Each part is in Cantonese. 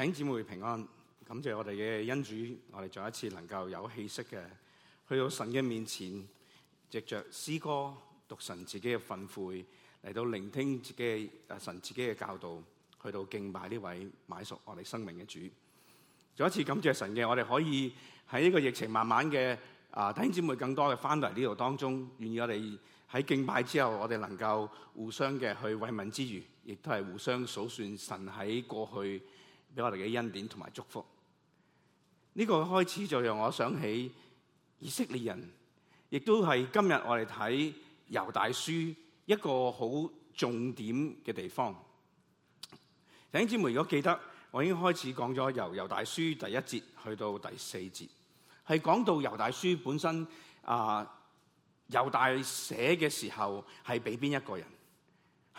弟兄姊妹平安，感謝我哋嘅恩主，我哋再一次能夠有氣息嘅去到神嘅面前，藉着詩歌讀神自己嘅訓誨，嚟到聆聽自己嘅誒神自己嘅教導，去到敬拜呢位買贖我哋生命嘅主。再一次感謝神嘅，我哋可以喺呢個疫情慢慢嘅啊，弟兄姊妹更多嘅翻到嚟呢度當中，願意我哋喺敬拜之後，我哋能夠互相嘅去慰問之餘，亦都係互相數算神喺過去俾我哋嘅恩典同埋祝福，呢個開始就讓我想起以色列人，亦都係今日我哋睇《猶大書》一個好重點嘅地方。弟兄姊妹，如果記得，我已經開始講咗由《猶大書》第一節去到第四節，係講到《猶大書》本身啊，猶大寫嘅時候係俾邊一個人？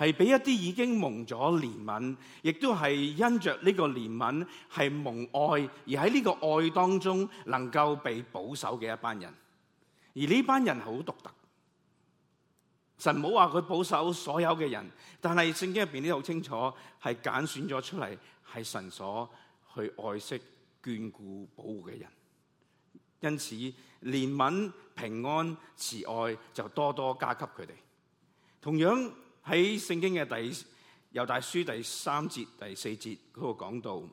係俾一啲已經蒙咗憐憫，亦都係因着呢個憐憫係蒙愛而喺呢個愛當中能夠被保守嘅一班人，而呢班人好獨特。神冇話佢保守所有嘅人，但係聖經入邊呢好清楚係揀選咗出嚟，係神所去愛惜、眷顧、保護嘅人，因此憐憫、平安、慈愛就多多加給佢哋。同樣。喺聖經嘅第《猶大書》第三節第四節嗰度講到，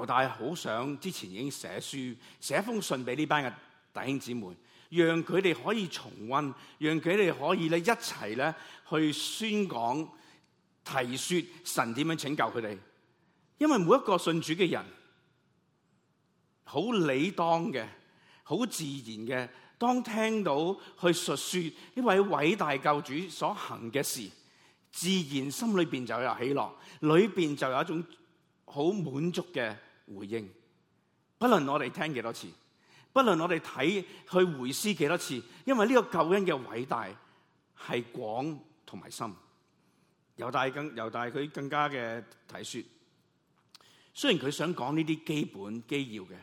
猶大好想之前已經寫書寫封信俾呢班嘅弟兄姊妹，讓佢哋可以重温，讓佢哋可以咧一齊咧去宣講、提説神點樣拯救佢哋，因為每一個信主嘅人，好理當嘅，好自然嘅。當聽到去述說呢位偉大救主所行嘅事，自然心裏邊就有喜樂，裏邊就有一種好滿足嘅回應。不論我哋聽幾多次，不論我哋睇去回思幾多次，因為呢個救恩嘅偉大係廣同埋深。猶大更猶大佢更加嘅睇說，雖然佢想講呢啲基本基要嘅，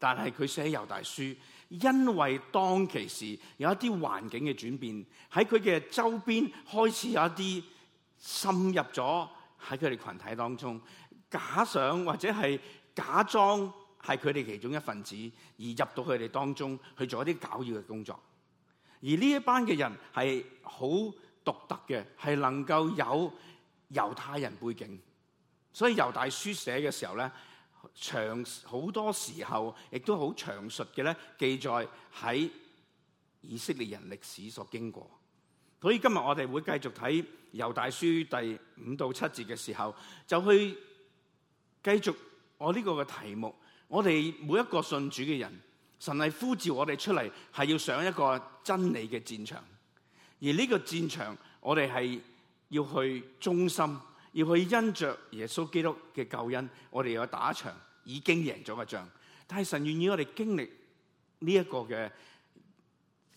但係佢寫猶大書。因為當其時有一啲環境嘅轉變，喺佢嘅周邊開始有一啲滲入咗喺佢哋群體當中，假想或者係假裝係佢哋其中一份子，而入到佢哋當中去做一啲搞嘢嘅工作。而呢一班嘅人係好獨特嘅，係能夠有猶太人背景，所以猶大書寫嘅時候咧。長好多時候，亦都好詳述嘅咧，記載喺以色列人歷史所經過。所以今日我哋會繼續睇《猶大書》第五到七節嘅時候，就去繼續我呢個嘅題目。我哋每一個信主嘅人，神係呼召我哋出嚟，係要上一個真理嘅戰場，而呢個戰場我哋係要去忠心。要去因着耶穌基督嘅救恩，我哋要打一場已經贏咗嘅仗。但係神願意我哋經歷呢一個嘅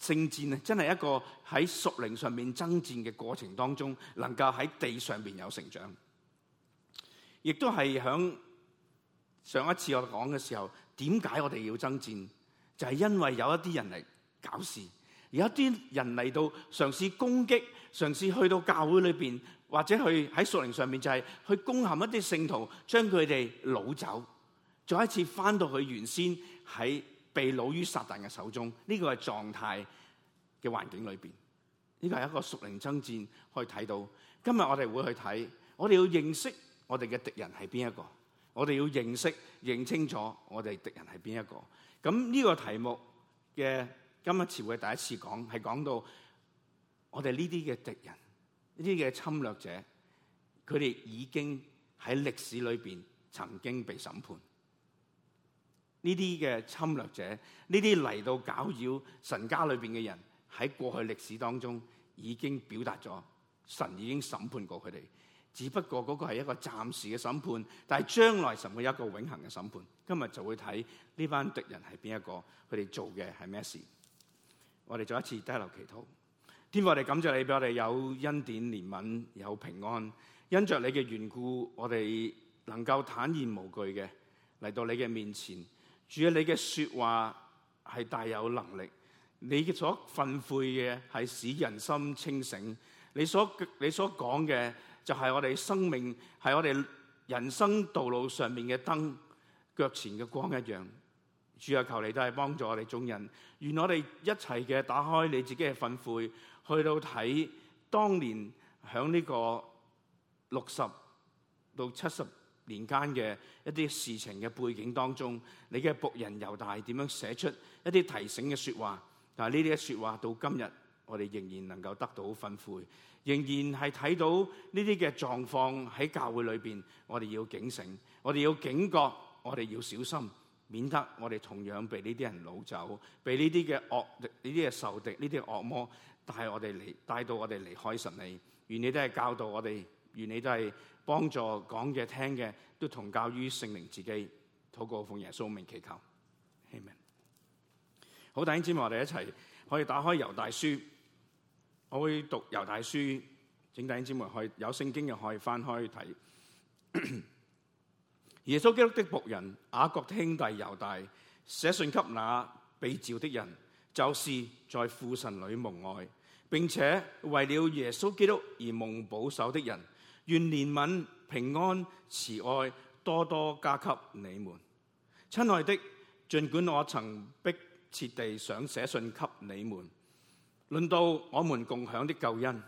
聖戰咧，真係一個喺屬靈上面爭戰嘅過程當中，能夠喺地上面有成長。亦都係響上一次我講嘅時候，點解我哋要爭戰？就係、是、因為有一啲人嚟，搞事，有一啲人嚟到嘗試攻擊，嘗試去到教會裏邊。或者去喺屬靈上面就係去攻陷一啲聖徒，將佢哋擄走，再一次翻到佢原先喺被擄於撒旦嘅手中。呢個係狀態嘅環境裏邊，呢個係一個屬靈爭戰可以睇到。今日我哋會去睇，我哋要認識我哋嘅敵人係邊一個，我哋要認識認清楚我哋敵人係邊一個。咁呢個題目嘅今日朝會第一次講係講到我哋呢啲嘅敵人。呢啲嘅侵略者，佢哋已經喺歷史裏邊曾經被審判。呢啲嘅侵略者，呢啲嚟到攪擾神家裏邊嘅人，喺過去歷史當中已經表達咗，神已經審判過佢哋。只不過嗰個係一個暫時嘅審判，但係將來神會有一個永恆嘅審判。今日就會睇呢班敵人係邊一個，佢哋做嘅係咩事。我哋做一次低頭祈禱。天父，我哋感謝你，俾我哋有恩典、憐憫、有平安。因着你嘅緣故，我哋能夠坦然無懼嘅嚟到你嘅面前。主啊，你嘅説話係大有能力，你嘅所訓誨嘅係使人心清醒。你所你所講嘅就係我哋生命，係我哋人生道路上面嘅燈，腳前嘅光一樣。主啊，求你都係幫助我哋眾人，願我哋一齊嘅打開你自己嘅訓誨。去到睇當年響呢個六十到七十年間嘅一啲事情嘅背景當中，你嘅僕人猶大點樣寫出一啲提醒嘅說話？但係呢啲嘅說話到今日，我哋仍然能夠得到反悔，仍然係睇到呢啲嘅狀況喺教會裏邊，我哋要警醒，我哋要警覺，我哋要小心，免得我哋同樣被呢啲人擄走，被呢啲嘅惡敵、呢啲嘅仇敵、呢啲惡魔。但係我哋嚟，帶到我哋離開神理。願你都係教導我哋，願你都係幫助講嘅聽嘅，都同教於聖靈自己，禱告奉耶穌名祈求，amen。好，弟兄姐妹，我哋一齊可以打開《猶大書》，我會讀《猶大書》，請弟兄姐妹可以有聖經又可以翻開睇咳咳。耶穌基督的僕人雅各的兄弟猶大寫信給那被召的人，就是在父神裏蒙愛，並且為了耶穌基督而蒙保守的人，願憐憫、平安、慈愛多多加給你們。親愛的，儘管我曾迫切地想寫信給你們，論到我們共享的救恩，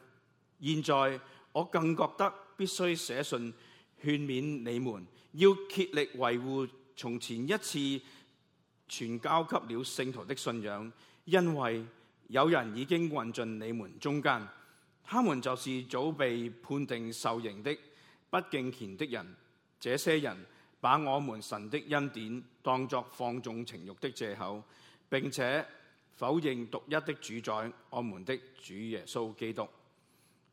現在我更覺得必須寫信勸勉你們，要竭力維護從前一次傳交給了聖徒的信仰，因為，有人已經混進你們中間，他們就是早被判定受刑的不敬虔的人。這些人把我們神的恩典當作放縱情慾的藉口，並且否認獨一的主宰，我們的主耶穌基督。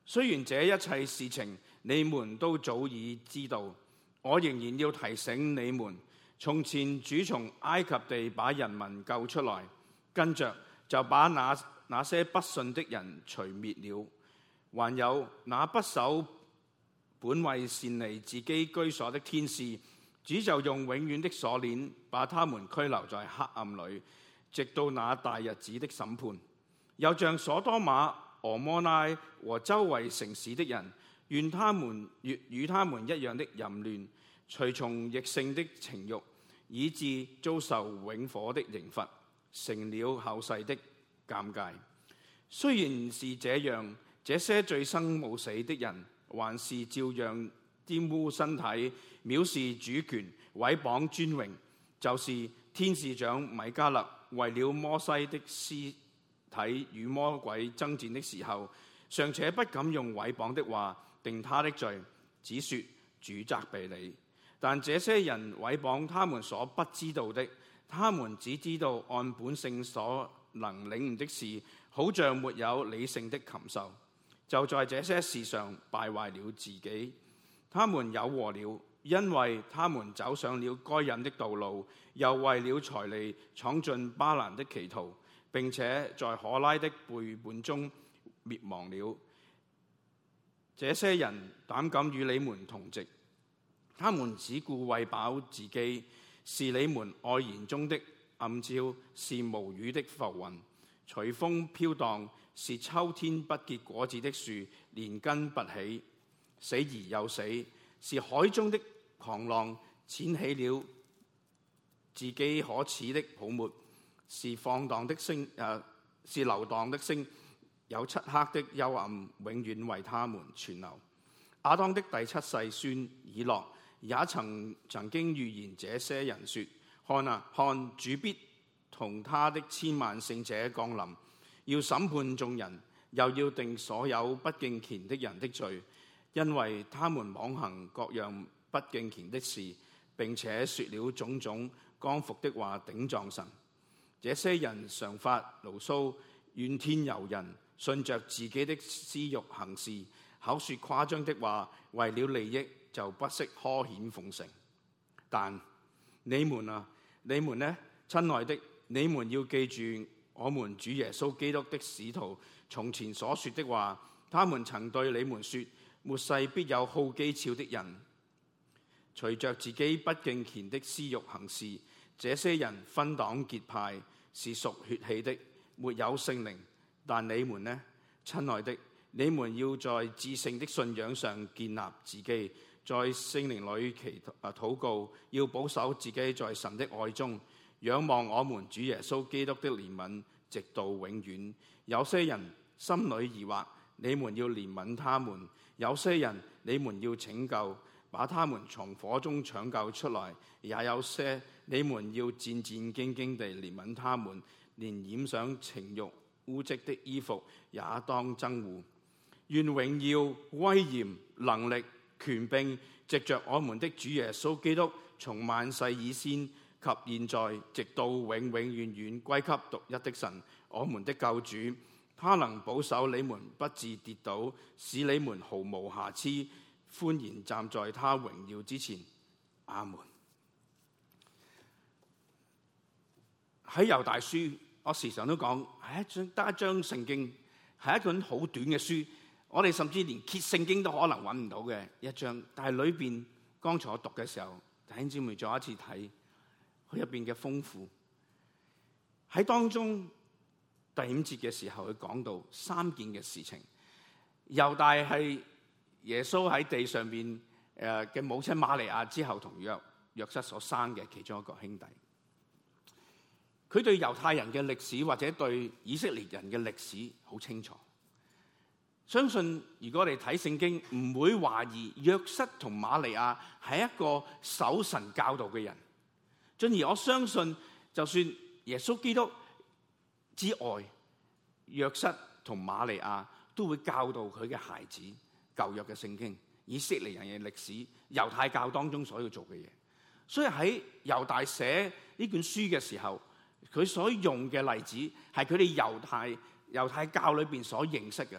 雖然這一切事情你們都早已知道，我仍然要提醒你們：從前主從埃及地把人民救出來，跟住。就把那些不信的人除滅了，還有那不守本位，離自己居所的天使，主就用永遠的鎖鏈把他們拘留在黑暗裏，直到那大日子的審判。又像所多瑪、俄摩拉和周圍城市的人，願他們越與他們一樣的淫亂，隨從逆性的情慾，以致遭受永火的刑罰。成了後世的尷尬。雖然是這樣，這些罪生無死的人，還是照樣玷污身體、藐視主權、毀謗尊榮。就是天使長米迦勒為了摩西的屍體與魔鬼爭戰的時候，尚且不敢用毀謗的話定他的罪，只說主責備你。但這些人毀謗他們所不知道的。他們只知道按本性所能領悟的事，好像沒有理性的禽獸，就在這些事上敗壞了自己。他們有禍了，因為他們走上了該隱的道路，又為了財利闖進巴蘭的歧途，並且在可拉的背叛中滅亡了。這些人膽敢與你們同席，他們只顧餵飽自己。是你們愛筵中的暗礁，是無雨的浮雲，隨風飄蕩；是秋天不結果子的樹，連根拔起，死而又死。是海中的狂浪，濺起了自己可恥的泡沫；是放蕩的星，誒、呃、是流蕩的星，有漆黑的幽暗，永遠為他們存留。亞當的第七世孫以諾。也曾曾經預言這些人說：看啊，看主必同他的千萬聖者降臨，要審判眾人，又要定所有不敬虔的人的罪，因為他們妄行各樣不敬虔的事，並且説了種種剛愎的話頂撞神。這些人常發牢騷、怨天尤人，順着自己的私欲行事，口説誇張的話，為了利益。就不惜阿諛奉承，但你們啊，你們呢，親愛的，你們要記住我們主耶穌基督的使徒從前所說的話。他們曾對你們說：末世必有好譏誚的人，隨着自己不敬虔的私欲行事，這些人分黨結派，是屬血氣的，沒有聖靈。但你們呢，親愛的，你們要在至聖的信仰上建立自己。在聖靈裏祈禱,禱告，要保守自己在神的愛中，仰望我們主耶穌基督的憐憫，直到永遠。有些人心裏疑惑，你們要憐憫他們；有些人你們要拯救，把他們從火中搶救出來；也有些你們要戰戰兢兢地憐憫他們，連染上情欲污漬的衣服也當憎惡。願榮耀、威嚴、能力。權柄藉着我們的主耶穌基督，從萬世以先及現在，直到永永遠遠，遠歸給獨一的神我們的救主，他能保守你們不致跌倒，使你們毫無瑕疵，歡迎站在他榮耀之前。阿門。喺《猶大書》，我時常都講，係一張單張聖經，係一本好短嘅書。我哋甚至連揭聖經都可能揾唔到嘅一章，但係裏邊剛才我讀嘅時候，弟兄姊妹再一次睇佢入邊嘅豐富。喺當中第五節嘅時候，佢講到三件嘅事情。猶大係耶穌喺地上面誒嘅母親瑪利亞之後同約約瑟所生嘅其中一個兄弟。佢對猶太人嘅歷史或者對以色列人嘅歷史好清楚。相信如果你睇聖經唔會懷疑約瑟同瑪利亞係一個守神教導嘅人。進而，我相信就算耶穌基督之外，約瑟同瑪利亞都會教導佢嘅孩子舊約嘅聖經、以色列人嘅歷史、猶太教當中所要做嘅嘢。所以喺猶大寫呢卷書嘅時候，佢所用嘅例子係佢哋猶太猶太教裏邊所認識嘅。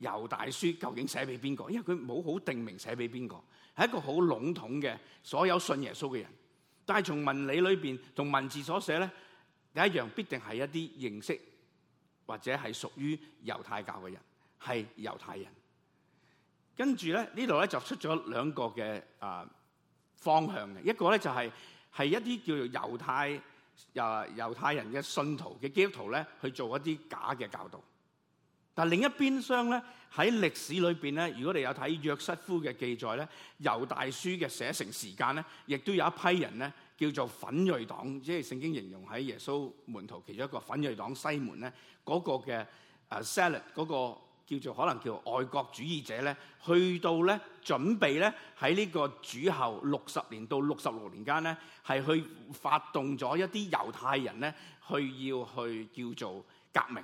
猶大書究竟寫俾邊個？因為佢冇好定名寫俾邊個，係一個好籠統嘅所有信耶穌嘅人。但係從文理裏邊，同文字所寫咧，第一樣必定係一啲認識或者係屬於猶太教嘅人，係猶太人。跟住咧，這裡呢度咧就出咗兩個嘅啊、呃、方向嘅，一個咧就係、是、係一啲叫做猶太、猶、呃、猶太人嘅信徒嘅基督徒咧，去做一啲假嘅教導。但另一邊廂咧，喺歷史裏邊咧，如果你有睇約瑟夫嘅記載咧，《猶大書》嘅寫成時間咧，亦都有一批人咧，叫做奮銳黨，即係聖經形容喺耶穌門徒其中一個奮銳黨西門咧，嗰、那個嘅誒 Zealot 嗰個叫做可能叫愛國主義者咧，去到咧準備咧喺呢個主後六十年到六十六年間咧，係去發動咗一啲猶太人咧，去要去叫做革命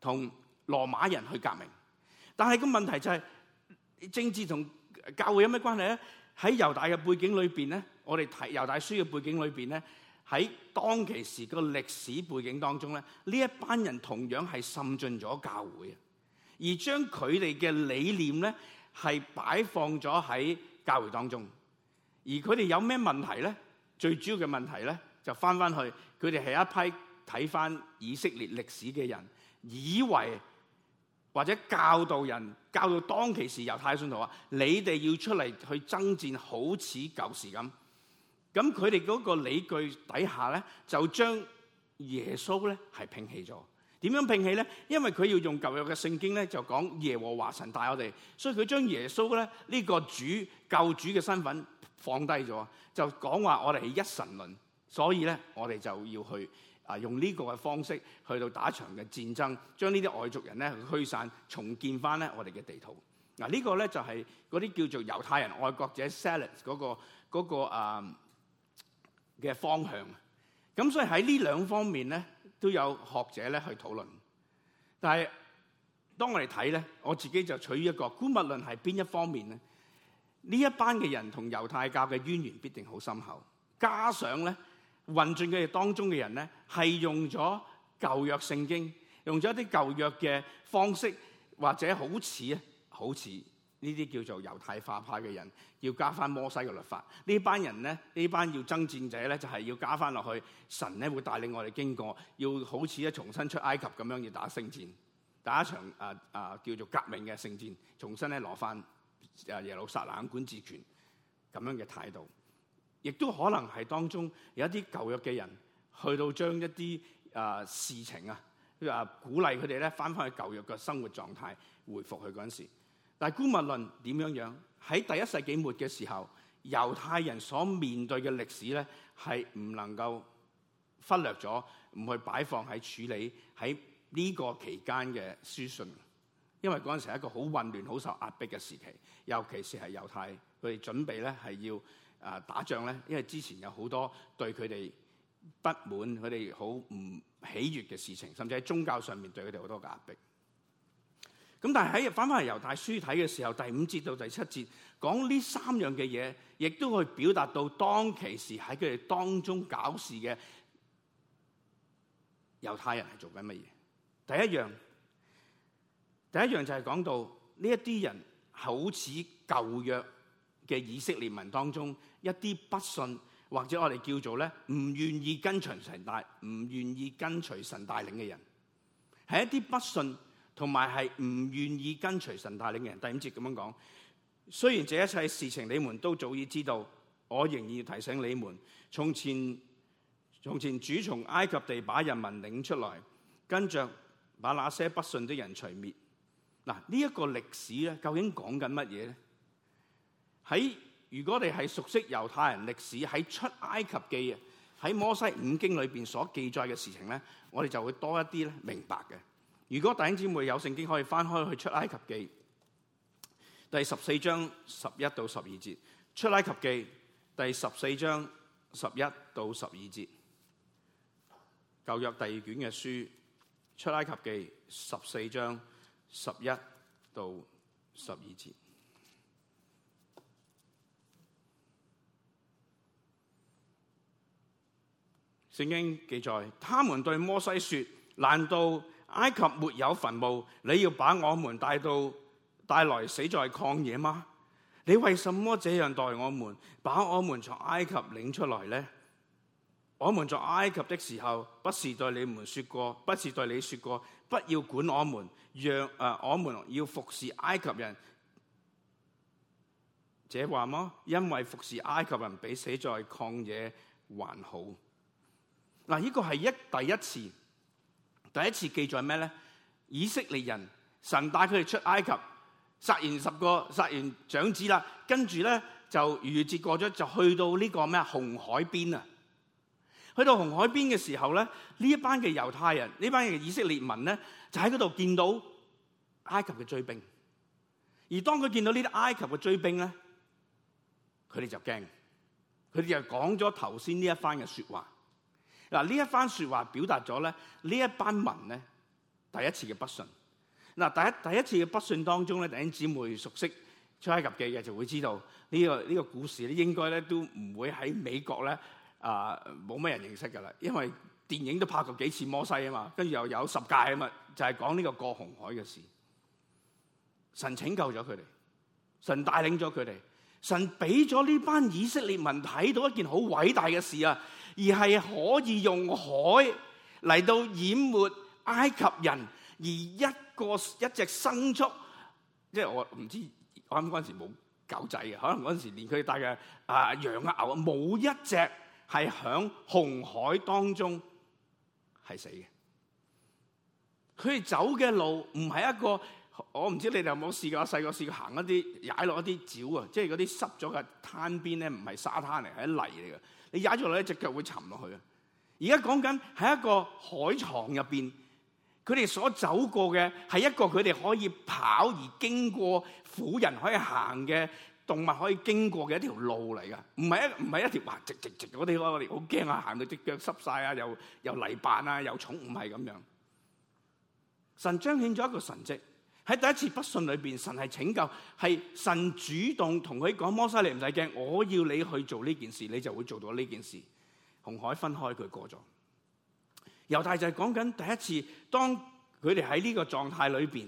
同。羅馬人去革命，但係個問題就係政治同教會有咩關係咧？喺猶大嘅背景裏邊咧，我哋睇猶大書嘅背景裏邊咧，喺當其時個歷史背景當中咧，呢一班人同樣係滲進咗教會，而將佢哋嘅理念咧係擺放咗喺教會當中。而佢哋有咩問題咧？最主要嘅問題咧，就翻翻去佢哋係一批睇翻以色列歷史嘅人，以為。或者教導人，教導當其時猶太信徒話：你哋要出嚟去爭戰，好似舊時咁。咁佢哋嗰個理據底下咧，就將耶穌咧係摒棄咗。點樣摒棄咧？因為佢要用舊約嘅聖經咧，就講耶和華神帶我哋，所以佢將耶穌咧呢、這個主舊主嘅身份放低咗，就講話我哋係一神論，所以咧我哋就要去。啊！用呢個嘅方式去到打場嘅戰爭，將呢啲外族人咧驅散，重建翻咧我哋嘅地圖。嗱，呢個咧就係嗰啲叫做猶太人愛國者 Zealots 嗰個嗰個啊嘅方向。咁所以喺呢兩方面咧都有學者咧去討論。但係當我哋睇咧，我自己就取於一個《觀物論》係邊一方面咧？呢一班嘅人同猶太教嘅淵源必定好深厚，加上咧。混進佢哋當中嘅人咧，係用咗舊約聖經，用咗一啲舊約嘅方式，或者好似啊，好似呢啲叫做猶太化派嘅人，要加翻摩西嘅律法。這呢班人咧，呢班要爭戰者咧，就係、是、要加翻落去。神咧會帶領我哋經過，要好似咧重新出埃及咁樣要打聖戰，打一場啊啊、呃呃、叫做革命嘅聖戰，重新咧攞翻啊耶路撒冷管治權咁樣嘅態度。亦都可能係當中有一啲舊約嘅人，去到將一啲啊、呃、事情啊，啊鼓勵佢哋咧翻返去舊約嘅生活狀態，回復佢嗰陣時。但係姑勿論點樣樣，喺第一世紀末嘅時候，猶太人所面對嘅歷史咧，係唔能夠忽略咗，唔去擺放喺處理喺呢個期間嘅書信，因為嗰陣時係一個好混亂、好受壓迫嘅時期，尤其是係猶太，佢哋準備咧係要。啊！打仗咧，因為之前有好多對佢哋不滿，佢哋好唔喜悅嘅事情，甚至喺宗教上面對佢哋好多壓迫。咁但係喺翻翻嚟猶太書睇嘅時候，第五節到第七節講呢三樣嘅嘢，亦都去表達到當其時喺佢哋當中搞事嘅猶太人係做緊乜嘢？第一樣，第一樣就係講到呢一啲人好似舊約。嘅以色列民當中，一啲不信或者我哋叫做咧唔願意跟隨神帶，唔願意跟隨神帶領嘅人，係一啲不信同埋係唔願意跟隨神帶領嘅人。第五節咁樣講，雖然這一切事情你們都早已知道，我仍然要提醒你們，從前從前主從埃及地把人民領出來，跟着把那些不信的人除滅。嗱，呢一個歷史咧，究竟講緊乜嘢咧？喺，如果你係熟悉猶太人歷史，喺出埃及記啊，喺摩西五經裏邊所記載嘅事情咧，我哋就會多一啲咧明白嘅。如果弟兄姊妹有聖經，可以翻開去出埃及記第十四章十一到十二節，出埃及記第十四章十一到十二節，舊約第二卷嘅書，出埃及記十四章十一到十二節。聖經記載，他們對摩西說：難道埃及沒有墳墓？你要把我們帶到帶來死在曠野嗎？你為什麼這樣待我們？把我們從埃及領出來呢？我們在埃及的時候，不是對你們說過，不是對你說過，不要管我們，讓誒、呃、我們要服侍埃及人，這話麼？因為服侍埃及人比死在曠野還好。嗱，呢個係一第一次，第一次記載咩咧？以色列人，神帶佢哋出埃及，殺完十個殺完長子啦，跟住咧就逾越節過咗，就去到呢個咩紅海邊啊！去到紅海邊嘅時候咧，呢一班嘅猶太人，呢班嘅以色列民咧，就喺嗰度見到埃及嘅追兵。而當佢見到呢啲埃及嘅追兵咧，佢哋就驚，佢哋就講咗頭先呢一番嘅說話。嗱，呢一番説話表達咗咧，呢一班民咧第一次嘅不信。嗱，第一第一次嘅不信當中咧，弟兄姊妹熟悉出埃及記嘅就會知道呢個呢個故事咧，應該咧都唔會喺美國咧，啊冇乜人認識噶啦，因為電影都拍過幾次摩西啊嘛，跟住又有十戒啊嘛，就係講呢個過紅海嘅事。神拯救咗佢哋，神帶領咗佢哋。神俾咗呢班以色列民睇到一件好偉大嘅事啊，而係可以用海嚟到淹沒埃及人，而一個一隻牲畜，即係我唔知我啱啱嗰陣時冇狗仔嘅，可能嗰陣時連佢哋帶嘅啊羊啊牛啊，冇一隻係喺紅海當中係死嘅。佢哋走嘅路唔係一個。我唔知你哋有冇試過，細個試過行一啲踩落一啲沼啊，即係嗰啲濕咗嘅灘邊咧，唔係沙灘嚟，係泥嚟嘅。你踩咗落一隻腳會沉落去啊！而家講緊喺一個海床入邊，佢哋所走過嘅係一個佢哋可以跑而經過、婦人可以行嘅動物可以經過嘅一條路嚟嘅，唔係一唔係一條哇！直直直嗰啲我哋好驚啊，行到隻腳濕晒啊，又又泥板啊，又重唔係咁樣。神彰顯咗一個神跡。喺第一次不信裏邊，神係拯救，係神主動同佢講摩西，你唔使驚，我要你去做呢件事，你就會做到呢件事。紅海分開，佢過咗。猶太就係講緊第一次，當佢哋喺呢個狀態裏邊，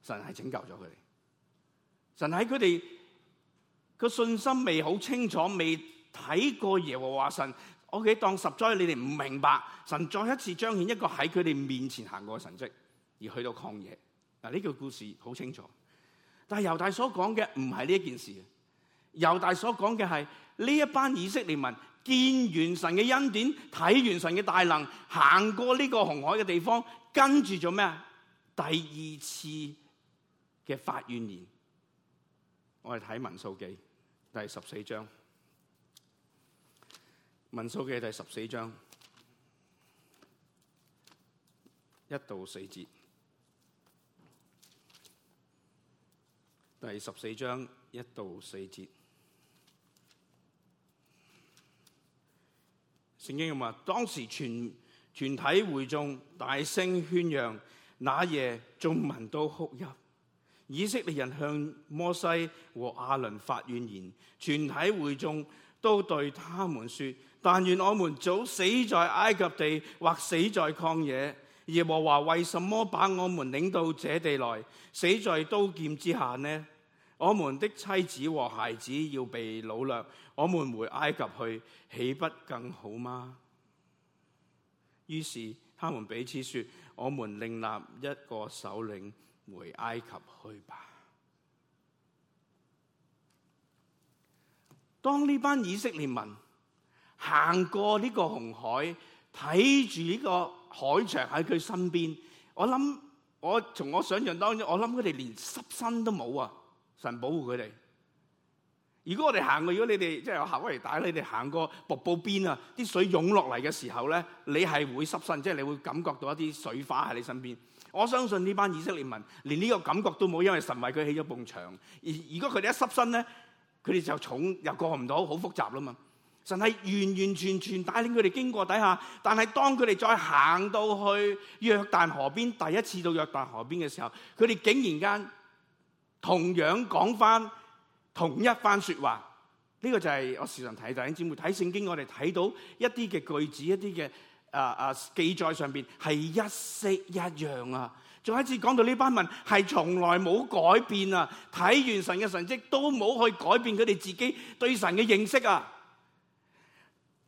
神係拯救咗佢哋。神喺佢哋個信心未好清楚，未睇過耶和華神，我哋當十災你哋唔明白，神再一次彰顯一個喺佢哋面前行過嘅神跡，而去到曠野。嗱，呢個故事好清楚，但係猶大所講嘅唔係呢一件事啊。猶大所講嘅係呢一班以色列民見完神嘅恩典，睇完神嘅大能，行過呢個紅海嘅地方，跟住做咩啊？第二次嘅發怨言，我哋睇民數記第十四章，民數記第十四章一到四節。第十四章一到四節，聖經話：當時全，全體會眾大聲喧嚷，那夜眾民都哭泣。以色列人向摩西和阿倫發怨言，全體會眾都對他們說：但願我們早死在埃及地，或死在曠野。耶和華為什麼把我們領到這地來，死在刀劍之下呢？我們的妻子和孩子要被擄掠，我們回埃及去，豈不更好嗎？於是他們彼此說：我們另立一個首領，回埃及去吧。當呢班以色列民行過呢個紅海，睇住呢個海牆喺佢身邊，我諗我從我想像當中，我諗佢哋連濕身都冇啊！神保護佢哋。如果我哋行過，如果你哋即係有後遺帶，你哋行過瀑布邊啊，啲水湧落嚟嘅時候咧，你係會濕身，即係你會感覺到一啲水花喺你身邊。我相信呢班以色列民連呢個感覺都冇，因為神為佢起咗埲牆。而如果佢哋一濕身咧，佢哋就重又過唔到，好複雜啦嘛。神係完完全全帶領佢哋經過底下，但係當佢哋再行到去約旦河邊，第一次到約旦河邊嘅時候，佢哋竟然間。同樣講翻同一番説話，呢、呢個就係我時常提醒弟兄姊妹睇聖經，我哋睇到一啲嘅句子、一啲嘅啊啊記載上邊係一式一樣啊。仲有一次講到呢班民係從來冇改變啊，睇完神嘅神跡都冇去改變佢哋自己對神嘅認識啊。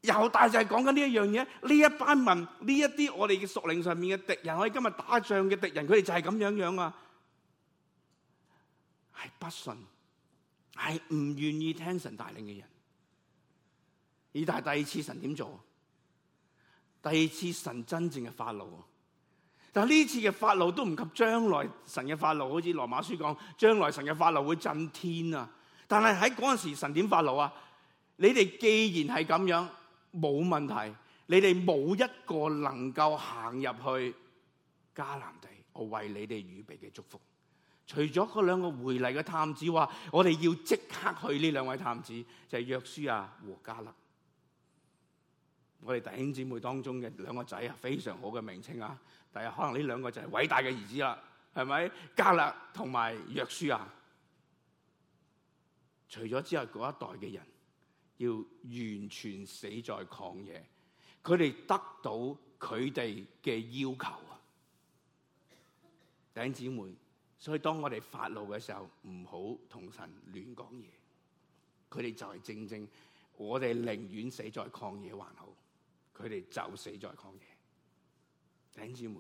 猶大就係講緊呢一樣嘢，呢一班民，呢一啲我哋嘅屬靈上面嘅敵人，我哋今日打仗嘅敵人，佢哋就係咁樣樣啊。係不信，係唔願意聽神帶領嘅人。而但係第二次神點做？第二次神真正嘅發怒。但係呢次嘅發怒都唔及將來神嘅發怒。好似羅馬書講，將來神嘅發怒會震天啊！但係喺嗰陣時神點發怒啊？你哋既然係咁樣，冇問題。你哋冇一個能夠行入去迦南地。我為你哋預備嘅祝福。除咗嗰兩個回嚟嘅探子話，我哋要即刻去。呢兩位探子，就係、是、約書亞和迦勒。我哋弟兄姊妹當中嘅兩個仔啊，非常好嘅名稱啊！但係可能呢兩個就係偉大嘅兒子啦，係咪？迦勒同埋約書亞，除咗之後嗰一代嘅人，要完全死在曠野，佢哋得到佢哋嘅要求啊！ 弟兄姊妹。所以當我哋發怒嘅時候，唔好同神亂講嘢。佢哋就係正正，我哋寧願死在曠野還好，佢哋就死在曠野。弟兄姊妹，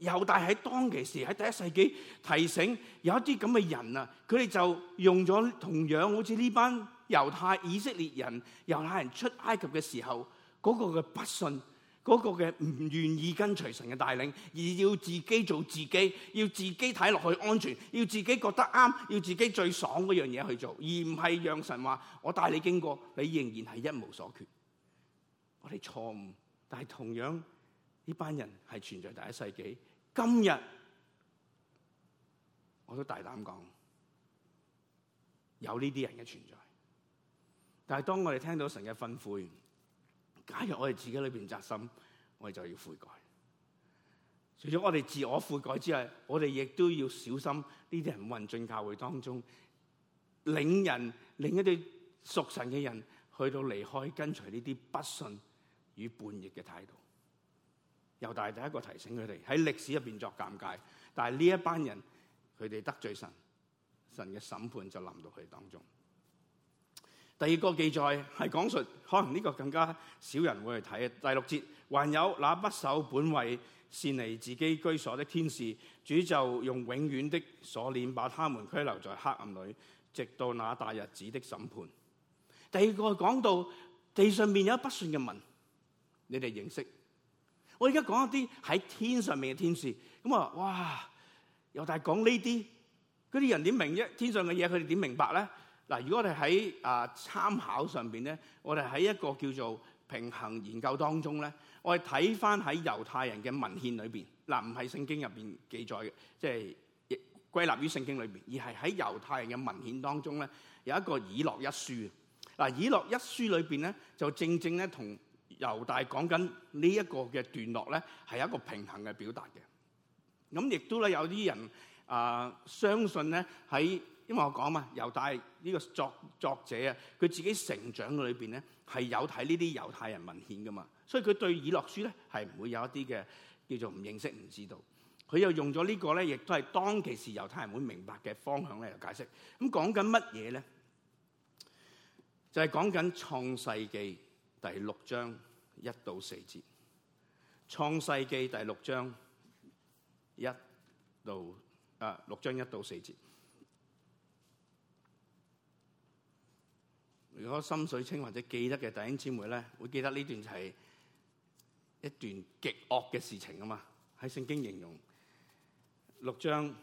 猶大喺當其時喺第一世紀提醒有一啲咁嘅人啊，佢哋就用咗同樣好似呢班猶太以色列人、猶太人出埃及嘅時候嗰、嗰個嘅不信。嗰個嘅唔願意跟隨神嘅帶領，而要自己做自己，要自己睇落去安全，要自己覺得啱，要自己最爽嗰樣嘢去做，而唔係讓神話我帶你經過，你仍然係一無所缺。我哋錯誤，但係同樣呢班人係存在第一世紀。今日我都大膽講，有呢啲人嘅存在。但係當我哋聽到神嘅吩咐。假如我哋自己裏邊扎心，我哋就要悔改。除咗我哋自我悔改之外，我哋亦都要小心呢啲人混進教會當中，領人另一啲屬神嘅人去到離開，跟隨呢啲不信與叛逆嘅態度。猶大第一個提醒佢哋喺歷史入邊作鑒戒，但係呢一班人佢哋得罪神，神嘅審判就臨到佢哋當中。第二個記載係講述，可能呢個更加少人會去睇。第六節，還有那不守本位、擅離自己居所的天使，主就用永遠的鎖鏈把他們拘留在黑暗裏，直到那大日子的審判。第二個講到地上面有一不算嘅民，你哋認識？我而家講一啲喺天上面嘅天使，咁啊，哇！又但係講呢啲，嗰啲人點明啫？天上嘅嘢，佢哋點明白咧？嗱，如果我哋喺啊參考上邊咧，我哋喺一個叫做平衡研究當中咧，我哋睇翻喺猶太人嘅文獻裏邊嗱，唔係聖經入邊記載嘅，即係亦歸納於聖經裏邊，而係喺猶太人嘅文獻當中咧有一個《以諾一書》啊。嗱，《以諾一書》裏邊咧就正正咧同猶大講緊呢一個嘅段落咧係一個平衡嘅表達嘅。咁亦都咧有啲人啊相信咧喺。咁我講嘛，猶大呢個作作者啊，佢自己成長嘅裏邊咧，係有睇呢啲猶太人文獻噶嘛，所以佢對以諾書咧係唔會有一啲嘅叫做唔認識唔知道。佢又用咗呢個咧，亦都係當其時猶太人會明白嘅方向咧嚟，解釋。咁講緊乜嘢咧？就係講緊創世記第六章一到四節。創世記第六章一到啊，六章一到四節。如果心水清或者記得嘅弟兄姊妹咧，會記得呢段就係一段極惡嘅事情啊嘛！喺聖經形容，六章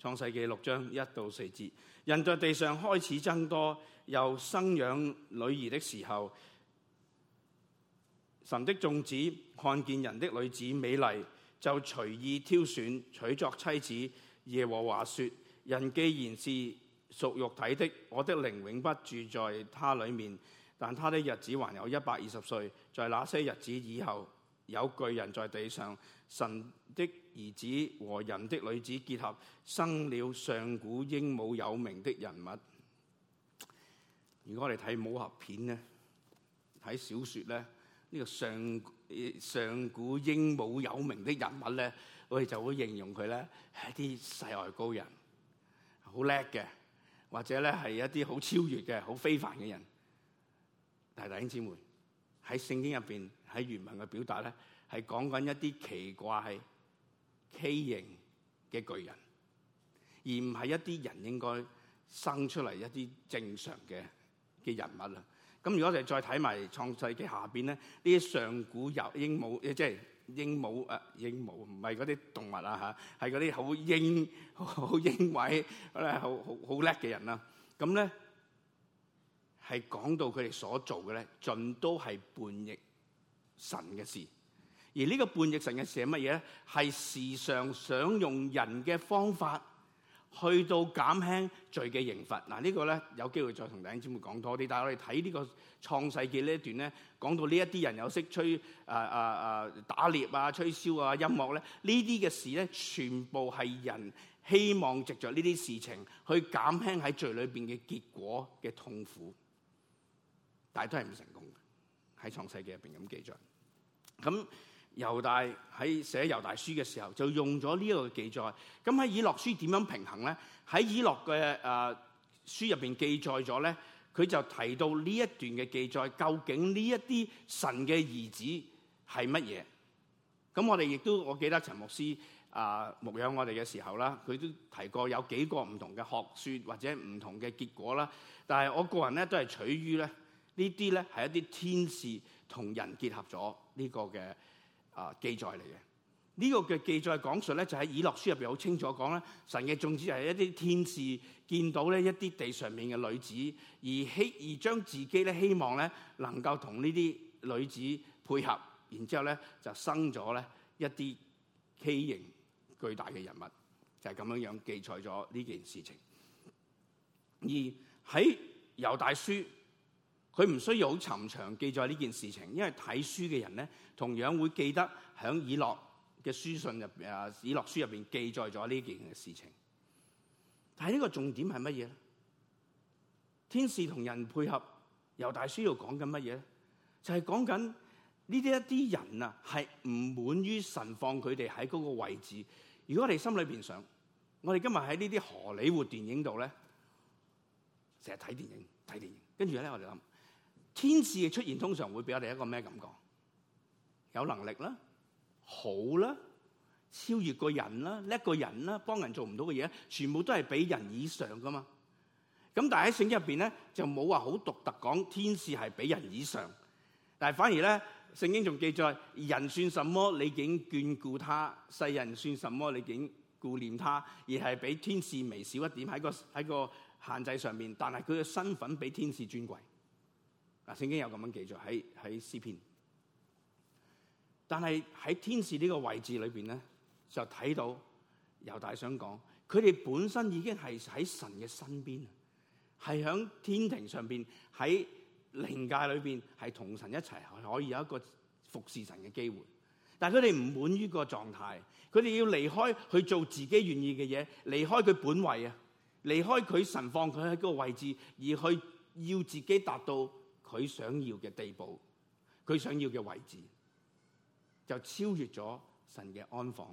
創世記六章一到四節，人在地上開始增多，又生養女兒的時候，神的眾子看見人的女子美麗，就隨意挑選娶作妻子。耶和華說：人既然是屬肉體的，我的靈永不住在它裏面；但他的日子還有一百二十歲。在那些日子以後，有巨人在地上，神的兒子和人的女子結合，生了上古英武有名的人物。如果我哋睇武俠片呢，睇小説呢，呢、這個上古上古英武有名的人物呢，我哋就會形容佢呢係啲世外高人，好叻嘅。或者咧係一啲好超越嘅、好非凡嘅人，但係弟兄姊妹，喺聖經入邊喺原文嘅表達咧，係講緊一啲奇怪的畸形嘅巨人，而唔係一啲人應該生出嚟一啲正常嘅嘅人物啦。咁如果你再睇埋創世記下邊咧，呢啲上古有英武，即係。鸚鵡啊，鸚鵡唔係嗰啲動物啊吓，係嗰啲好英好英偉，咧好好好叻嘅人啦。咁咧係講到佢哋所做嘅咧，盡都係叛逆神嘅事。而呢個叛逆神嘅事係乜嘢？係時常想用人嘅方法。去到減輕罪嘅刑罰，嗱、這個、呢個咧有機會再同弟兄姊妹講多啲。但係我哋睇呢個創世記呢一段咧，講到呢一啲人有識吹啊啊啊打獵啊、吹簫啊、音樂咧、啊，呢啲嘅事咧，全部係人希望藉着呢啲事情去減輕喺罪裏邊嘅結果嘅痛苦，但係都係唔成功嘅喺創世紀入邊咁記載。咁。猶大喺寫猶大書嘅時候就用咗呢一個記載。咁喺以諾書點樣平衡咧？喺以諾嘅誒書入邊記載咗咧，佢就提到呢一段嘅記載。究竟呢一啲神嘅兒子係乜嘢？咁我哋亦都我記得陳牧師啊、呃、牧養我哋嘅時候啦，佢都提過有幾個唔同嘅學説或者唔同嘅結果啦。但係我個人咧都係取於咧呢啲咧係一啲天使同人結合咗呢個嘅。啊，記載嚟嘅呢個嘅記載講述咧，就喺、是《以諾書》入邊好清楚講咧，神嘅眾子係一啲天使見到呢一啲地上面嘅女子，而希而將自己咧希望咧能夠同呢啲女子配合，然之後咧就生咗咧一啲畸形巨大嘅人物，就係咁樣樣記載咗呢件事情。而喺《猶大書》。佢唔需要好尋常記載呢件事情，因為睇書嘅人咧，同樣會記得響以諾嘅書信入邊啊，以諾書入邊記載咗呢件嘅事情。但係呢個重點係乜嘢咧？天使同人配合，猶大書要講緊乜嘢咧？就係講緊呢啲一啲人啊，係唔滿於神放佢哋喺嗰個位置。如果我哋心裏邊想，我哋今日喺呢啲荷里活電影度咧，成日睇電影睇電影，跟住咧我哋諗。天使嘅出現通常會俾我哋一個咩感覺？有能力啦、啊，好啦、啊，超越個人啦、啊，叻個人啦、啊，幫人做唔到嘅嘢，全部都係比人以上噶嘛。咁但係喺聖經入邊咧，就冇話好獨特講天使係比人以上，但係反而咧，聖經仲記載人算什麼？你竟眷顧他，世人算什麼？你竟顧念他，而係比天使微小一點喺個喺個限制上面，但係佢嘅身份比天使尊貴。嗱，聖經有咁樣記載喺喺詩篇，但係喺天使呢個位置裏邊咧，就睇到猶大書講，佢哋本身已經係喺神嘅身邊，係響天庭上邊喺靈界裏邊，係同神一齊可以有一個服侍神嘅機會。但係佢哋唔滿於個狀態，佢哋要離開去做自己願意嘅嘢，離開佢本位啊，離開佢神放佢喺嗰個位置，而去要自己達到。佢想要嘅地步，佢想要嘅位置，就超越咗神嘅安放。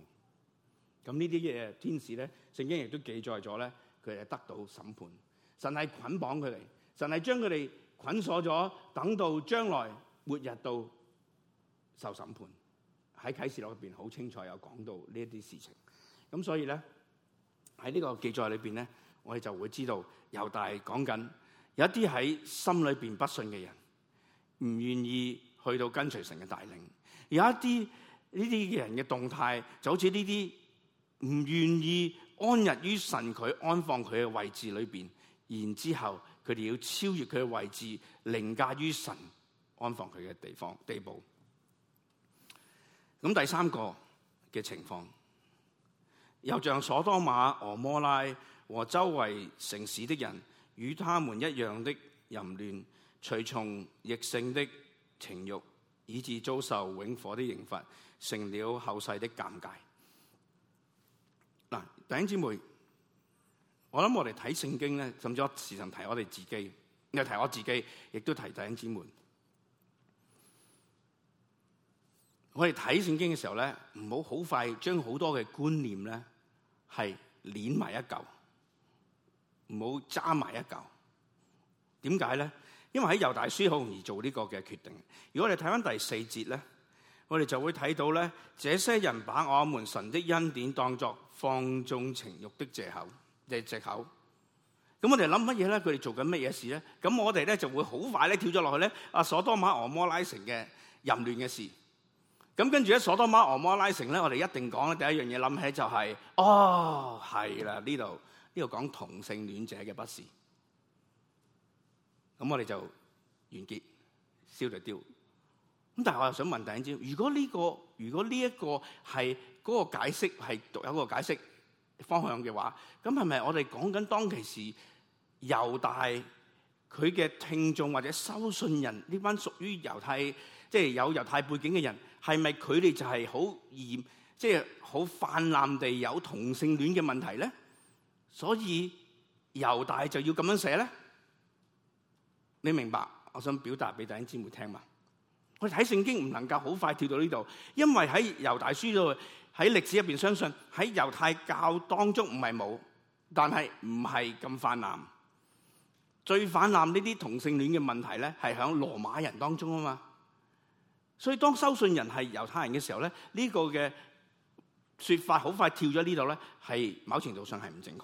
咁呢啲嘢，天使咧，聖經亦都記載咗咧，佢哋得到審判。神係捆綁佢哋，神係將佢哋捆鎖咗，等到將來末日到受審判。喺啟示錄入邊好清楚有講到呢一啲事情。咁所以咧，喺呢個記載裏邊咧，我哋就會知道猶大講緊。有一啲喺心裏邊不信嘅人，唔願意去到跟隨神嘅帶領。有一啲呢啲嘅人嘅動態，就好似呢啲唔願意安逸於神佢安放佢嘅位置裏邊，然之後佢哋要超越佢嘅位置，凌駕於神安放佢嘅地方地步。咁第三個嘅情況，又像所多瑪、俄摩拉和周圍城市的人。與他們一樣的淫亂，隨從逆性的情欲，以致遭受永火的刑罰，成了後世的鑑戒。嗱，弟兄姊妹，我諗我哋睇聖經呢，甚至時常提我哋自己，又提我自己，亦都提弟兄姊妹。我哋睇聖經嘅時候呢，唔好好快將好多嘅觀念呢係連埋一嚿。唔好揸埋一嚿，點解咧？因為喺猶大書好容易做呢個嘅決定。如果我哋睇翻第四節咧，我哋就會睇到咧，這些人把我們神的恩典當作放縱情欲的借口，嘅藉口。咁我哋諗乜嘢咧？佢哋做緊乜嘢事咧？咁我哋咧就會好快咧跳咗落去咧，阿索多瑪、俄摩拉城嘅淫亂嘅事。咁跟住咧，索多瑪、俄摩拉城咧，我哋一定講咧第一樣嘢諗起就係，是，哦，係啦，呢度。呢個講同性戀者嘅不是，咁我哋就完結，燒就燒。咁但係我又想問大家一招：如果呢個，如果呢一個係嗰個解釋係獨有嗰個解釋方向嘅話，咁係咪我哋講緊當其時猶大佢嘅聽眾或者收信人呢班屬於猶太，即係有猶太背景嘅人，係咪佢哋就係好嚴，即係好泛濫地有同性戀嘅問題咧？所以猶大就要咁樣寫咧，你明白？我想表達俾弟兄姊妹聽嘛。我睇聖經唔能夠好快跳到呢度，因為喺猶大書度喺歷史入邊相信喺猶太教當中唔係冇，但係唔係咁泛濫。最泛濫呢啲同性戀嘅問題咧，係喺羅馬人當中啊嘛。所以當收信人係猶太人嘅時候咧，呢個嘅。説法，好快跳咗呢度咧，係某程度上係唔正確。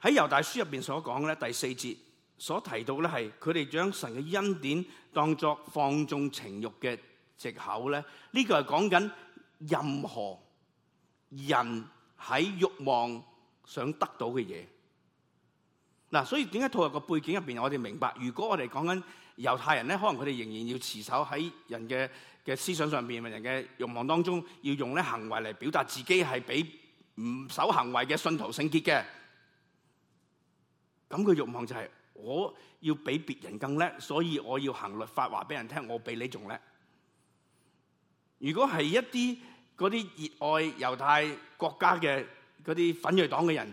喺猶大書入邊所講咧，第四節所提到咧，係佢哋將神嘅恩典當作放縱情欲嘅藉口咧。呢個係講緊任何人喺欲望想得到嘅嘢。嗱，所以點解套入個背景入邊，我哋明白，如果我哋講緊猶太人咧，可能佢哋仍然要持守喺人嘅。嘅思想上邊，人嘅欲望當中，要用咧行為嚟表達自己係比唔守行為嘅信徒聖潔嘅。咁佢欲望就係、是、我要比別人更叻，所以我要行律法話俾人聽，我比你仲叻。如果係一啲嗰啲熱愛猶太國家嘅嗰啲奮銳黨嘅人，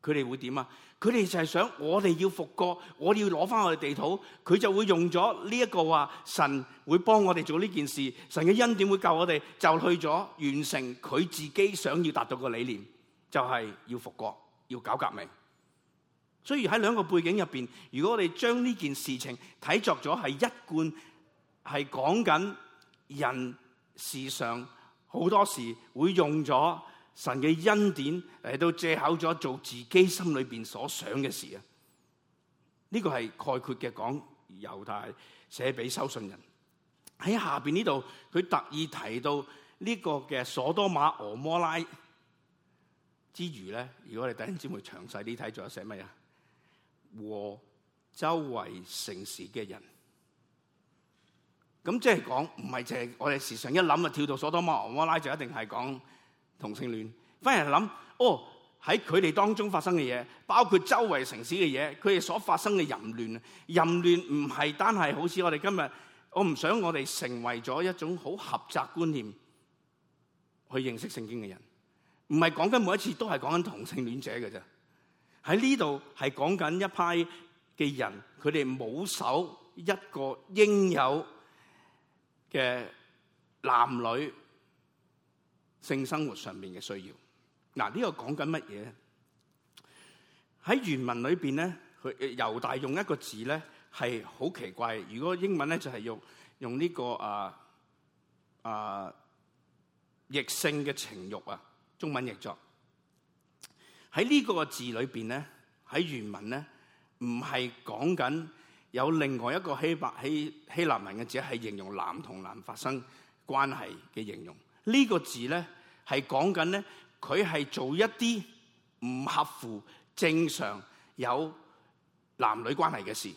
佢哋會點啊？佢哋就係想我哋要復國，我哋要攞翻我哋地土，佢就會用咗呢一個話神會幫我哋做呢件事，神嘅恩典會救我哋，就去咗完成佢自己想要達到嘅理念，就係、是、要復國，要搞革命。所以喺兩個背景入邊，如果我哋將呢件事情睇作咗係一貫係講緊人事上好多時會用咗。神嘅恩典嚟到藉口咗做自己心裏邊所想嘅事啊！呢、呢個係概括嘅講，猶太寫俾收信人喺下邊呢度，佢特意提到呢個嘅所多瑪俄摩拉之餘咧，如果我哋弟兄姊妹詳細啲睇，仲有寫乜嘢？和周圍城市嘅人，咁即係講唔係淨係我哋時常一諗就跳到所多瑪俄摩拉，就一定係講。同性戀，反而諗哦，喺佢哋當中發生嘅嘢，包括周圍城市嘅嘢，佢哋所發生嘅淫亂啊！淫亂唔係單係好似我哋今日，我唔想我哋成為咗一種好狹窄觀念去認識聖經嘅人，唔係講緊每一次都係講緊同性戀者嘅啫。喺呢度係講緊一派嘅人，佢哋冇守一個應有嘅男女。性生活上面嘅需要，嗱、這個、呢個講緊乜嘢？喺原文裏邊咧，佢猶大用一個字咧係好奇怪。如果英文咧就係用用、這、呢個啊啊，逆、啊、性嘅情欲啊，中文譯作喺呢個字裏邊咧，喺原文咧唔係講緊有另外一個希伯希希臘文嘅字，係形容男同男發生關係嘅形容呢、這個字咧。。係講緊咧，佢係做一啲唔合乎正常有男女關係嘅事。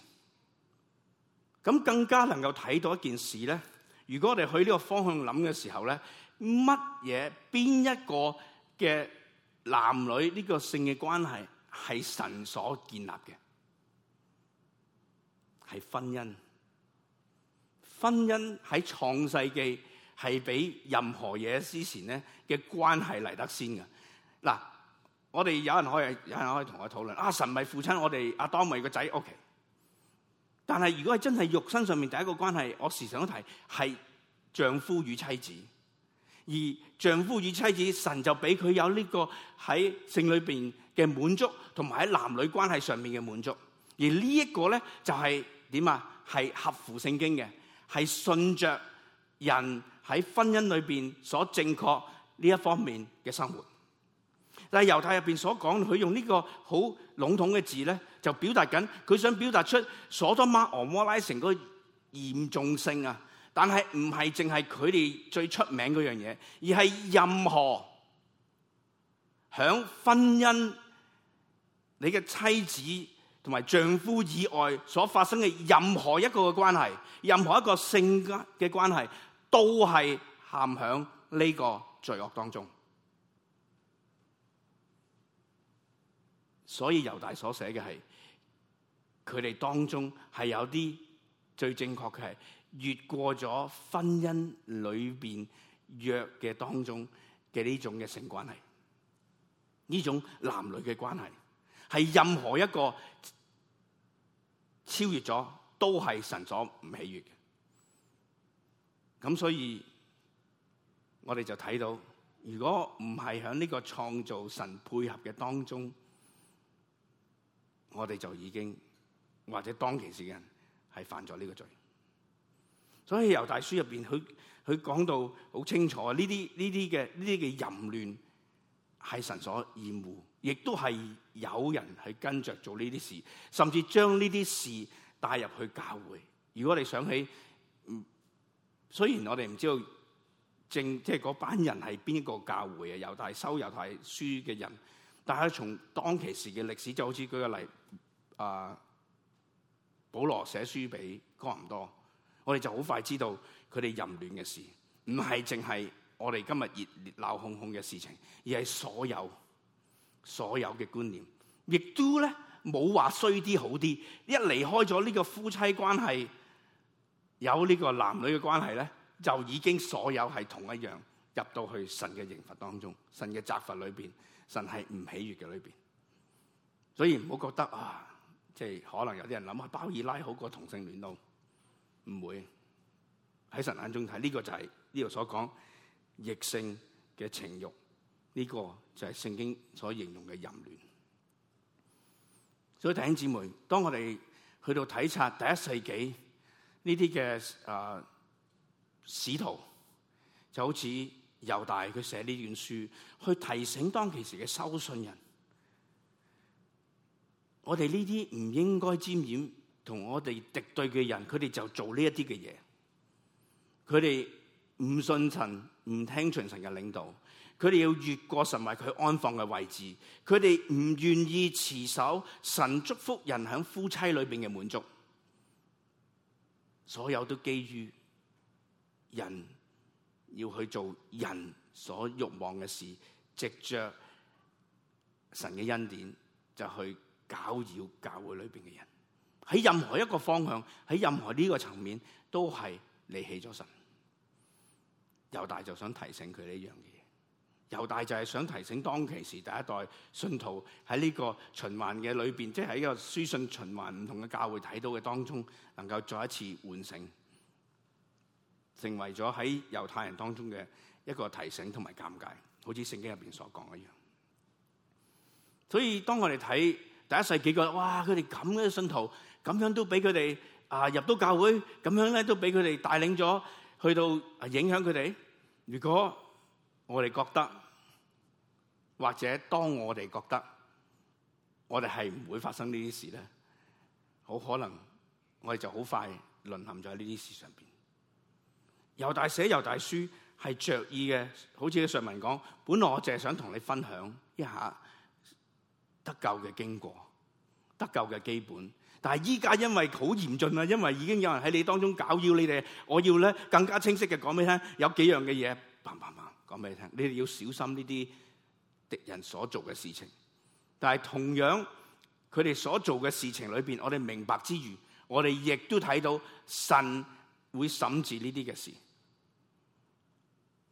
咁更加能夠睇到一件事咧，如果我哋去呢個方向諗嘅時候咧，乜嘢邊一個嘅男女呢個性嘅關係係神所建立嘅，係婚姻。婚姻喺創世記。係比任何嘢之前咧嘅關係嚟得先㗎。嗱，我哋有人可以有人可以同我討論阿、啊、神咪父親，我哋阿、啊、當咪個仔，O.K. 但係如果係真係肉身上面第一個關係，我時常都提係丈夫與妻子，而丈夫與妻子，神就俾佢有呢個喺性裏邊嘅滿足，同埋喺男女關係上面嘅滿足。而這呢一個咧就係點啊？係合乎聖經嘅，係順着人。喺婚姻裏邊所正確呢一方面嘅生活，但係猶太入邊所講，佢用呢個好籠統嘅字咧，就表達緊佢想表達出所多瑪俄摩拉城個嚴重性啊！但係唔係淨係佢哋最出名嗰樣嘢，而係任何響婚姻你嘅妻子同埋丈夫以外所發生嘅任何一個嘅關係，任何一個性嘅關係。都係陷喺呢個罪惡當中，所以猶大所寫嘅係佢哋當中係有啲最正確嘅係越過咗婚姻裏邊約嘅當中嘅呢種嘅性關係，呢種男女嘅關係係任何一個超越咗，都係神所唔喜悅嘅咁所以，我哋就睇到，如果唔係喺呢個創造神配合嘅當中，我哋就已經或者當其時嘅人，係犯咗呢個罪。所以猶大書入邊，佢佢講到好清楚，呢啲呢啲嘅呢啲嘅淫亂係神所厭惡，亦都係有人係跟着做呢啲事，甚至將呢啲事帶入去教會。如果你想起。雖然我哋唔知道正即係嗰班人係邊一個教會嘅，又但係收又係書嘅人。但係從當其時嘅歷史，就好似舉個例，啊，保羅寫書俾哥林多，我哋就好快知道佢哋淫亂嘅事，唔係淨係我哋今日熱烈鬧哄哄嘅事情，而係所有所有嘅觀念，亦都咧冇話衰啲好啲。一離開咗呢個夫妻關係。有呢個男女嘅關係咧，就已經所有係同一樣入到去神嘅刑罰當中，神嘅責罰裏邊，神係唔喜悅嘅裏邊。所以唔好覺得啊，即係可能有啲人諗下，包二奶好過同性戀都唔會喺神眼中睇，呢個就係呢度所講逆性嘅情慾，呢個就係聖經所形容嘅淫亂。所以弟兄姊妹，當我哋去到體察第一世紀，呢啲嘅啊使徒就好似猶大佢寫呢段書，去提醒當其時嘅收信人：我哋呢啲唔應該沾染同我哋敵對嘅人，佢哋就做呢一啲嘅嘢。佢哋唔信從、唔聽從神嘅領導，佢哋要越過神為佢安放嘅位置，佢哋唔願意持守神祝福人響夫妻裏邊嘅滿足。所有都基於人要去做人所欲望嘅事，藉著神嘅恩典就去搞擾教會裏邊嘅人。喺任何一個方向，喺任何呢個層面，都係離棄咗神。猶大就想提醒佢呢樣嘢。猶大就係想提醒當其時第一代信徒喺呢個循環嘅裏邊，即係喺一個書信循環唔同嘅教會睇到嘅當中，能夠再一次喚醒，成為咗喺猶太人當中嘅一個提醒同埋鑑戒，好似聖經入邊所講一樣。所以當我哋睇第一世紀覺得，哇，佢哋咁嘅信徒，咁樣都俾佢哋啊入到教會，咁樣咧都俾佢哋帶領咗去到影響佢哋。如果我哋覺得，或者當我哋覺得我哋係唔會發生呢啲事咧，好可能我哋就好快淪陷喺呢啲事上邊。又大寫又大書，係着意嘅。好似上文講，本來我淨係想同你分享一下得救嘅經過、得救嘅基本，但係依家因為好嚴峻啦，因為已經有人喺你當中攪擾你哋，我要咧更加清晰嘅講俾你聽，有幾樣嘅嘢，講俾你聽，你哋要小心呢啲敵人所做嘅事情。但係同樣，佢哋所做嘅事情裏邊，我哋明白之餘，我哋亦都睇到神會審視呢啲嘅事。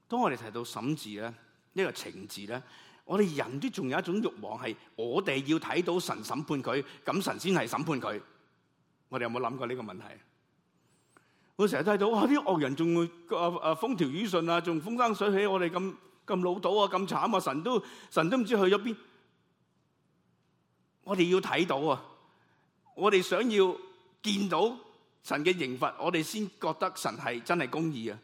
當我哋提到審視咧，呢、這個情字咧，我哋人都仲有一種慾望係，是我哋要睇到神審判佢，咁神先係審判佢。我哋有冇諗過呢個問題？我成日睇到哇，啲惡人仲會誒誒風調雨順啊，仲風生水起，我哋咁咁老土啊，咁慘啊，神都神都唔知去咗邊。我哋要睇到啊，我哋想要見到神嘅刑罰，我哋先覺得神係真係公義啊。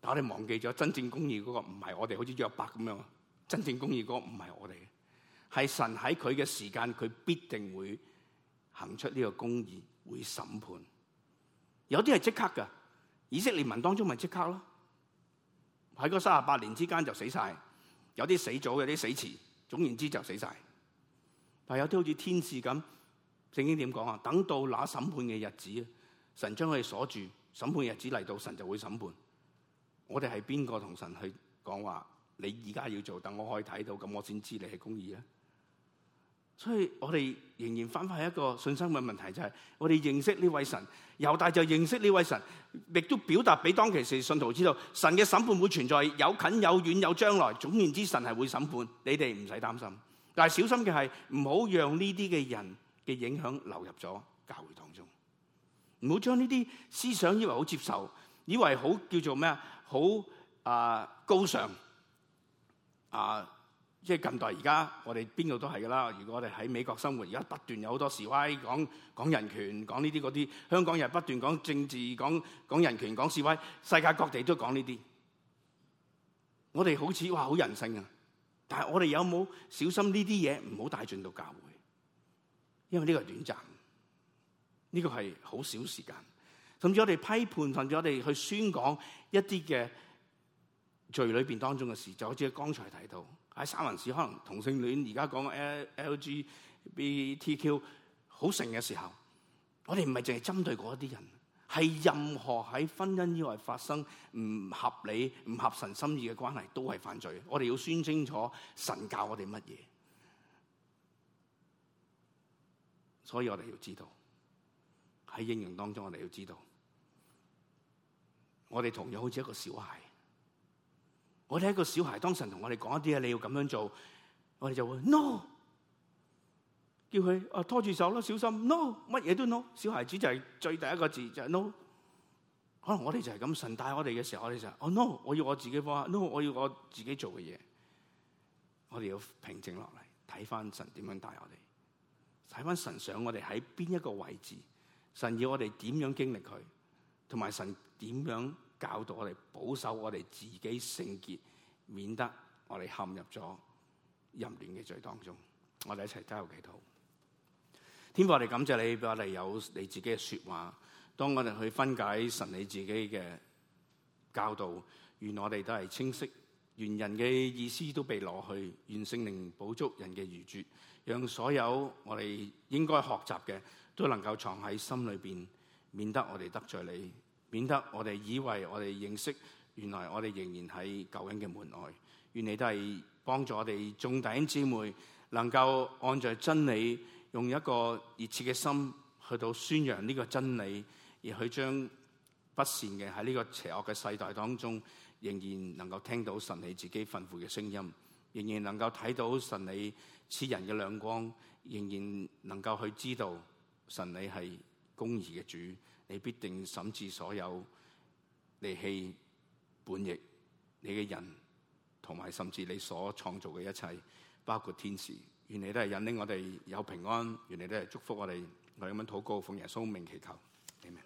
但係我哋忘記咗真正公義嗰個唔係我哋，好似約伯咁樣啊。真正公義嗰個唔係我哋，係神喺佢嘅時間，佢必定會行出呢個公義，會審判。有啲係即刻噶，以色列民當中咪即刻咯，喺嗰三十八年之間就死晒，有啲死咗，有啲死，死遲，總言之就死晒。但係有啲好似天使咁，聖經點講啊？等到那審判嘅日子，神將佢哋鎖住，審判嘅日子嚟到，神就會審判。我哋係邊個同神去講話？你而家要做，等我可以睇到，咁我先知你係公義啊？所以我哋仍然翻翻一個信心嘅問題，就係我哋認識呢位神，由大就認識呢位神，亦都表達俾當其時信徒知道，神嘅審判會存在，有近有遠有將來。總言之，神係會審判你哋，唔使擔心。但係小心嘅係，唔好讓呢啲嘅人嘅影響流入咗教會當中，唔好將呢啲思想以為好接受，以為好叫做咩啊？好啊高尚啊。即係近代而家，我哋邊度都係噶啦。如果我哋喺美國生活，而家不斷有好多示威，講講人權，講呢啲嗰啲。香港又不斷講政治，講講人權，講示威。世界各地都講呢啲。我哋好似哇，好人性啊！但係我哋有冇小心呢啲嘢唔好帶進到教會，因為呢個係短暫，呢個係好少時間，甚至我哋批判，甚至我哋去宣講一啲嘅罪裏邊當中嘅事，就好似剛才提到。喺三文市可能同性戀而家講 LGBTQ 好盛嘅時候，我哋唔係淨係針對嗰一啲人，係任何喺婚姻以外發生唔合理、唔合神心意嘅關係都係犯罪。我哋要宣清楚神教我哋乜嘢，所以我哋要知道喺應用當中，我哋要知道，我哋同樣好似一個小孩。我哋一個小孩，當神同我哋講一啲嘢，你要咁樣做，我哋就會 no，叫佢啊拖住手咯，小心 no，乜嘢都 no，小孩子就係最第一個字就係、是、no。可能我哋就係咁，神帶我哋嘅時候，我哋就哦、oh, no，我要我自己方向，no，我要我自己做嘅嘢。我哋要平靜落嚟，睇翻神點樣帶我哋，睇翻神想我哋喺邊一個位置，神要我哋點樣經歷佢，同埋神點樣。教導我哋保守我哋自己聖潔，免得我哋陷入咗淫亂嘅罪當中。我哋一齊加油祈禱。天父，我哋感謝你，俾我哋有你自己嘅說話。當我哋去分解神你自己嘅教導，願我哋都係清晰。願人嘅意思都被攞去，願聖靈補足人嘅愚拙，讓所有我哋應該學習嘅都能夠藏喺心裏邊，免得我哋得罪你。免得我哋以為我哋認識，原來我哋仍然喺救恩嘅門外。願你都係幫助我哋眾弟兄姊妹，能夠按着真理，用一個熱切嘅心去到宣揚呢個真理，而去將不善嘅喺呢個邪惡嘅世代當中，仍然能夠聽到神你自己憤怒嘅聲音，仍然能夠睇到神你慈人嘅亮光，仍然能夠去知道神你係公義嘅主。你必定審視所有戾氣、叛逆、你嘅人同埋甚至你所創造嘅一切，包括天使，原嚟都係引領我哋有平安，原嚟都係祝福我哋，我咁樣禱告，奉耶穌名祈求，阿門。